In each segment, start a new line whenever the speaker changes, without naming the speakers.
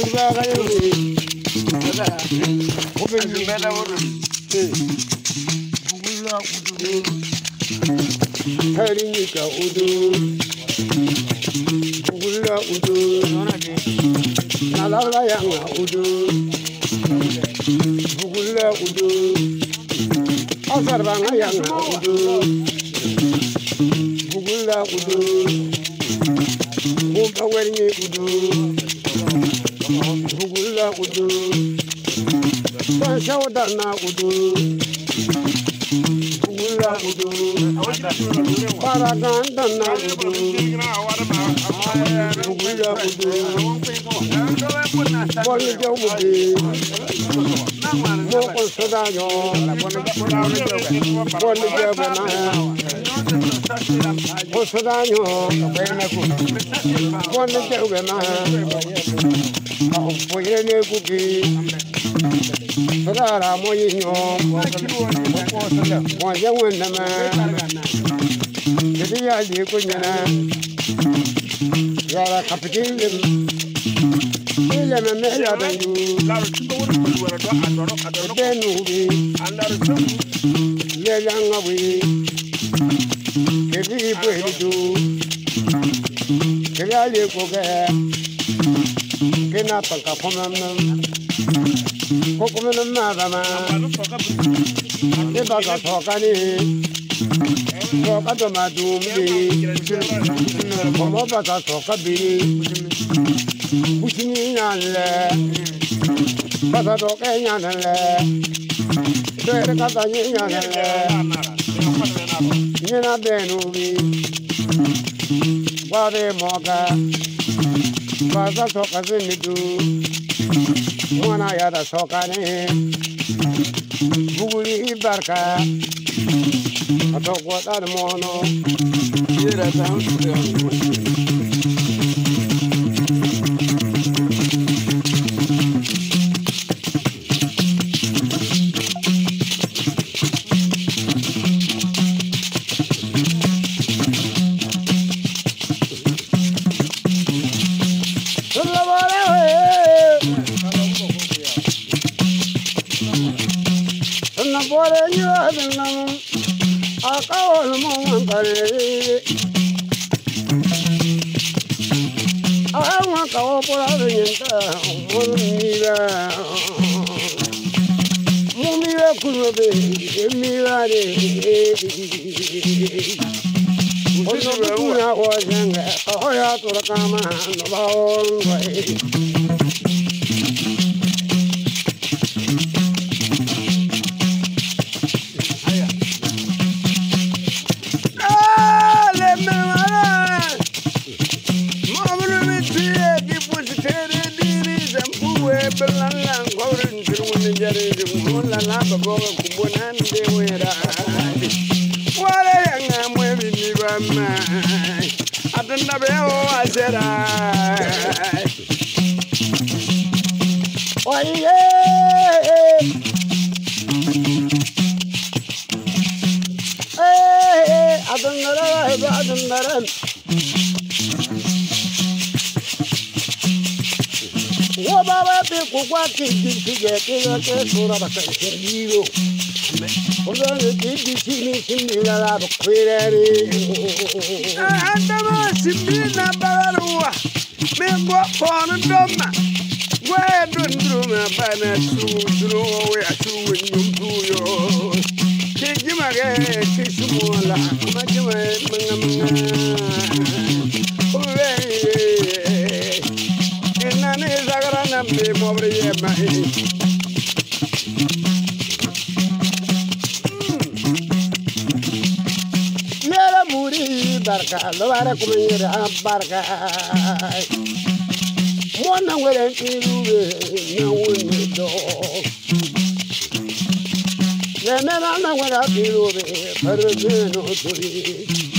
Tarika udu, bugula udu, nalala yanga udu, bugula udu, azarbanga yanga udu, bugula udu, bugawerinye udu hugulla kudu fashaw darna kudu hugulla kudu paragan darna kudu hugulla kudu maofoyene gugi sadara moyi nyom moja wennama kedi yaji kunyana yara kapiti ileme mehya dangu denubi lelangawi kedi ibwelidu kedi kena panka pomam nam ko kuma nam ma ba ma ne ba ka to ka ni to ka to ma du mi ko ma ba bi bu na le ba to ka nya na le to ka ta ni nya na le ni na be nu bi ba de mo ka baza soka zimidu mwana yada sokane buguli barka atoko dar acabó por orientar. Mira, no mira, cúrate, mirare. Oye, una guayanga, oye, tu la cama, no va a volver. i am not going to jumbo la la babo kubonan Lávate con cualquier quintilla que la que sola va a ser servido. Por la de ti, sin sin mira la boquerere. Andaba sin mira para la rúa. Me voy por un doma. Guay, dun, dun, a pana, su, dun, away, a su, en un tuyo. Que yo me haga, que su mola, que yo me haga, over the year, man. Mm. Mera muri barka, lobare kumire barka. Mwana wele nkiruwe, na wende do. Nemera na wele nkiruwe, perwe no tuli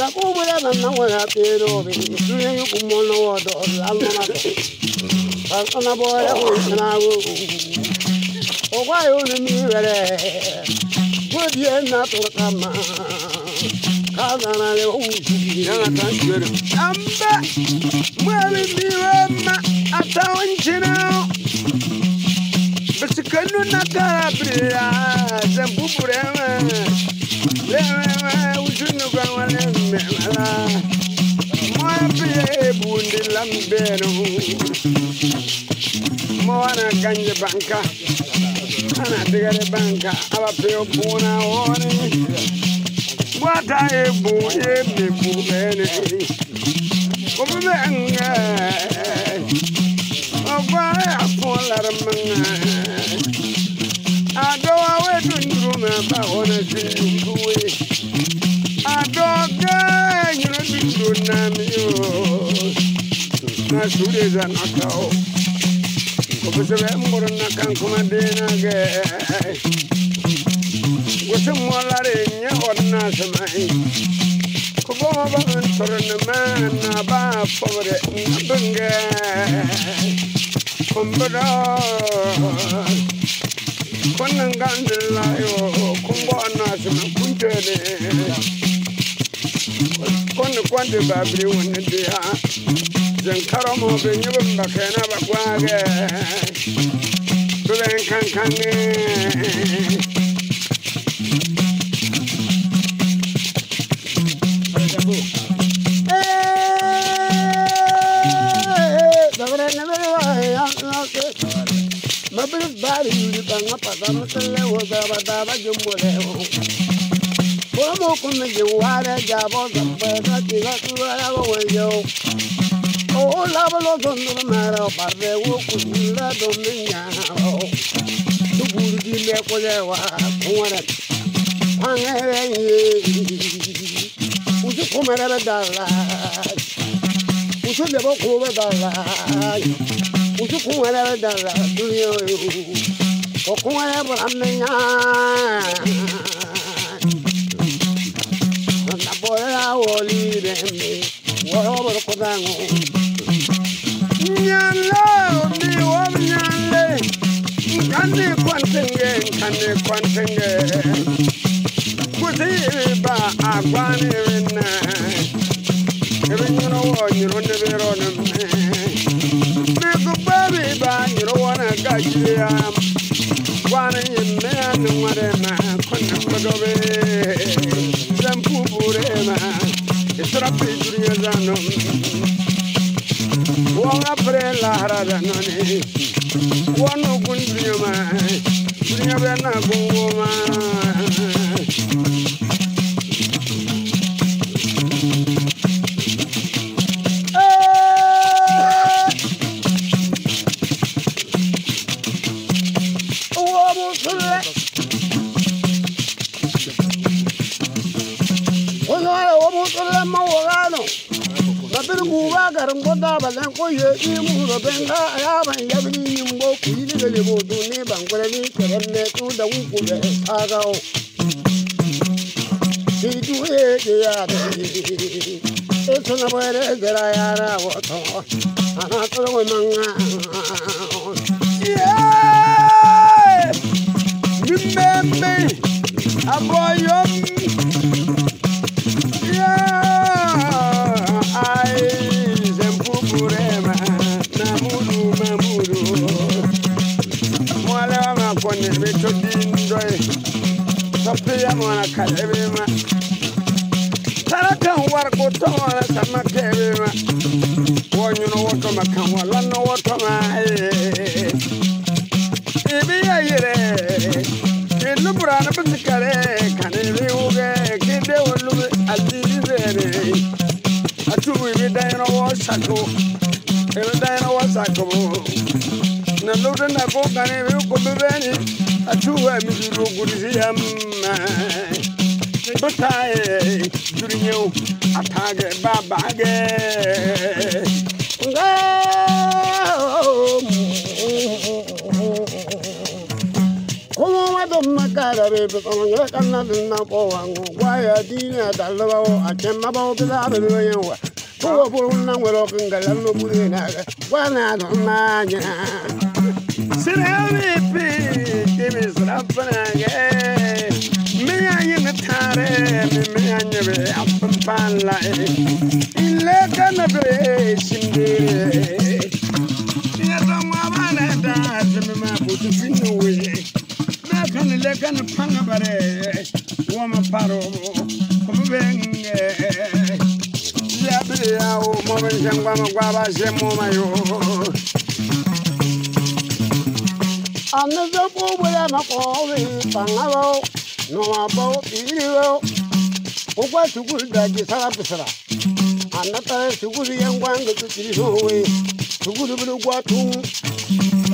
zakubula nana wena pero bisuye yukumono wodo alona alona bora wena wo i I'm miwere godiye na turkama kazana le uju yana I'm mwebi miwema atawanjina Mwana kanje banka Ana tigare banka Aba peo puna wone Wata ebu Ebe bubene Kubube nge Oba ya polar manga Adowa wetu ndurume Ba na sureza na kao kopesebe mgoro na kankuma dena ge gote mwalare nye orna samai koboma ba ntorne na ba pobere nabenge kombara konan gandila yo kumbo anasima kuntene konne kwande babri wonne dia zenkaramu binyubu mbakena bagwage tube nkankane Mabir bari yuri banga pasamu tele woga badaba jumule Bomo kumeji wale jabo zambe kati kati wala wawo yo Oh labalo dondon mara barre wo kulla dondon nyaro du burdi me ko le wa kuwara angere yi uju kumara be dalla uju le bo ko be dalla uju kumara be dalla dunyo o kumara bo amne nya na bo la woli de me wo ro ko dango nyanlo ndi wam nyanle nkandi kwantenge nkandi kwantenge kusiba akwani wina ebinyuno wo nyiro nebiro nemme bikubabi ba nyiro wana gajiya kwani yimme anumware ma konna kodobe zampubure ma isra pijuriya zanom wonga pre lahara da wonu kun dunyama na Remember, I koye imuro wala sama kebe ma wonyu no woto ma kan wala no woto ma ibi ya eh, yire kinu burana bisikare kane bi uge kinde wolu aziri zere atubu ibi dayino wo sako ibi dayino wo sako na nudu na ko kane bi ko bibeni atubu se dotae durinyo atage babage nga Como wado makara bebe como yo kana na ko wangu waya dina dalwa o achema ba o bila bebe yewa ko bo na ngero kingala no burina I'm not apam fool, but I'm kana be shinde ya rama bana da zimi ma butu finu we a call, no nuwabaw iliwo kukwa sukul daji sara pisara anata sukul yangwanga tutiri sowe sukul bilu gwatum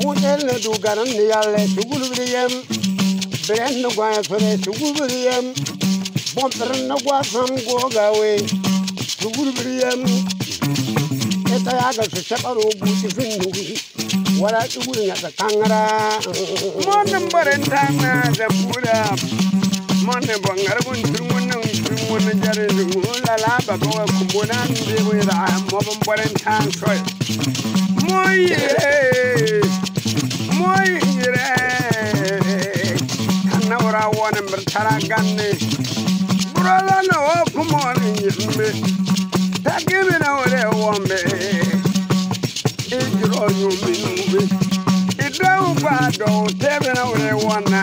mutel na du garan ni yalle sukul bilu yem beren na gwaya sore sukul bilu yem bomperin na gwa sam gogawe sukul bilu yem ita yaga su shaɓar rubutu fin nuhi wala tsugurin ya tsakangara. Monin barin tana da kura mone bongare gon turmunne turmunne jare la la ba ko kumbonan de we da mo bon poren tan soy moy moy re kana wara wona mbir tara ganne burala no kumon yimbe tagibe na wore wombe ijro nyumi nube idawu ba do tebe na wore wona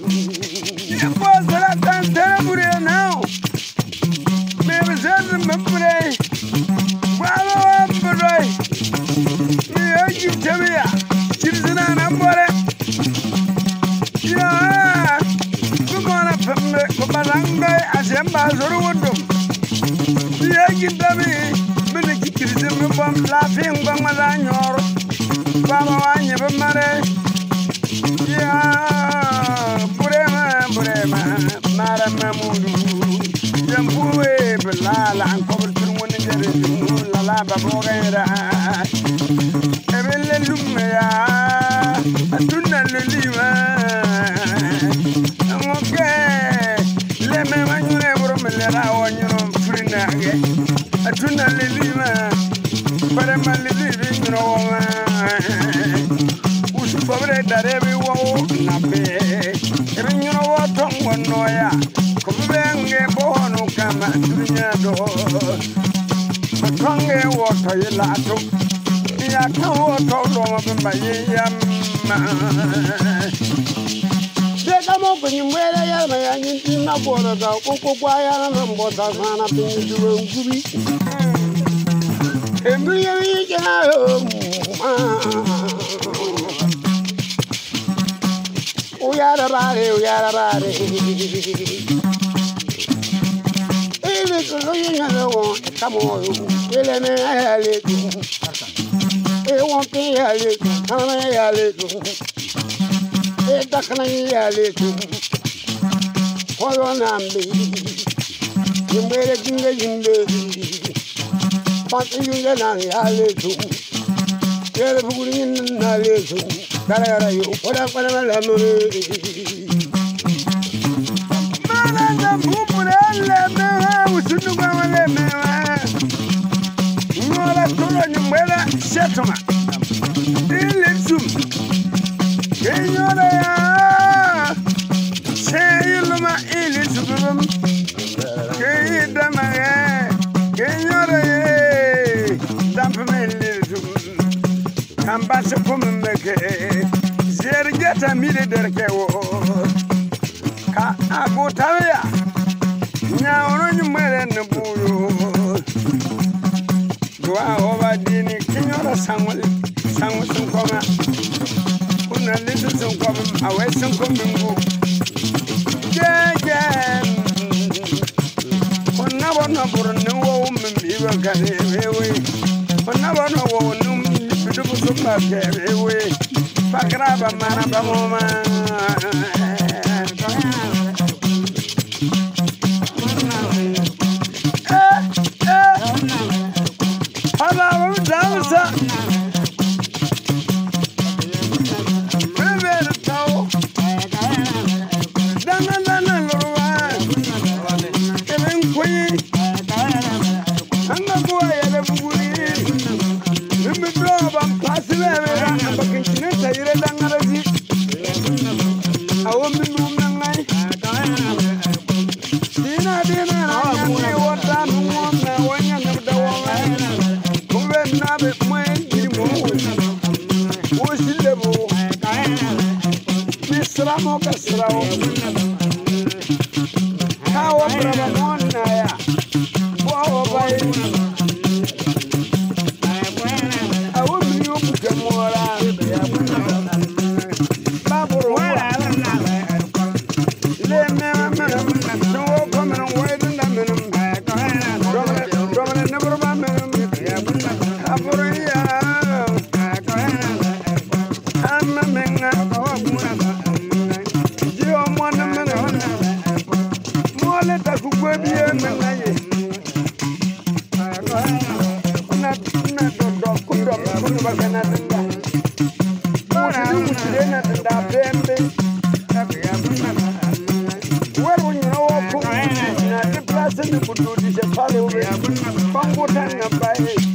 I'm not a leader. nyedo matonge woto yelato ya kan woto loma bamba yiyamma Deka na bora na ọ sana na yo Uyara bare uyara ile tolo yina le won kamo ogu e won pe ale tu e dakna ni kolo nambi yimbele jinge yimbe pati yunge na ale tu ele fuguri na ale tu kala kala yo kala kala la mo tuba wale mewa ngola toro ni mwela shetuma ile zum kenyola ya sheyiluma ile zubum keyidama ye kenyola ye dampme ile zum kambase pumembeke zerjeta mire derkewo ka agutawe ya nyawro nyumere ne buyo duwa oba dini kinyora Whoa, baby. i kundo bagana zinda ora mutirena zinda pembe wewe unyuna na kiplasi ni kududisha pale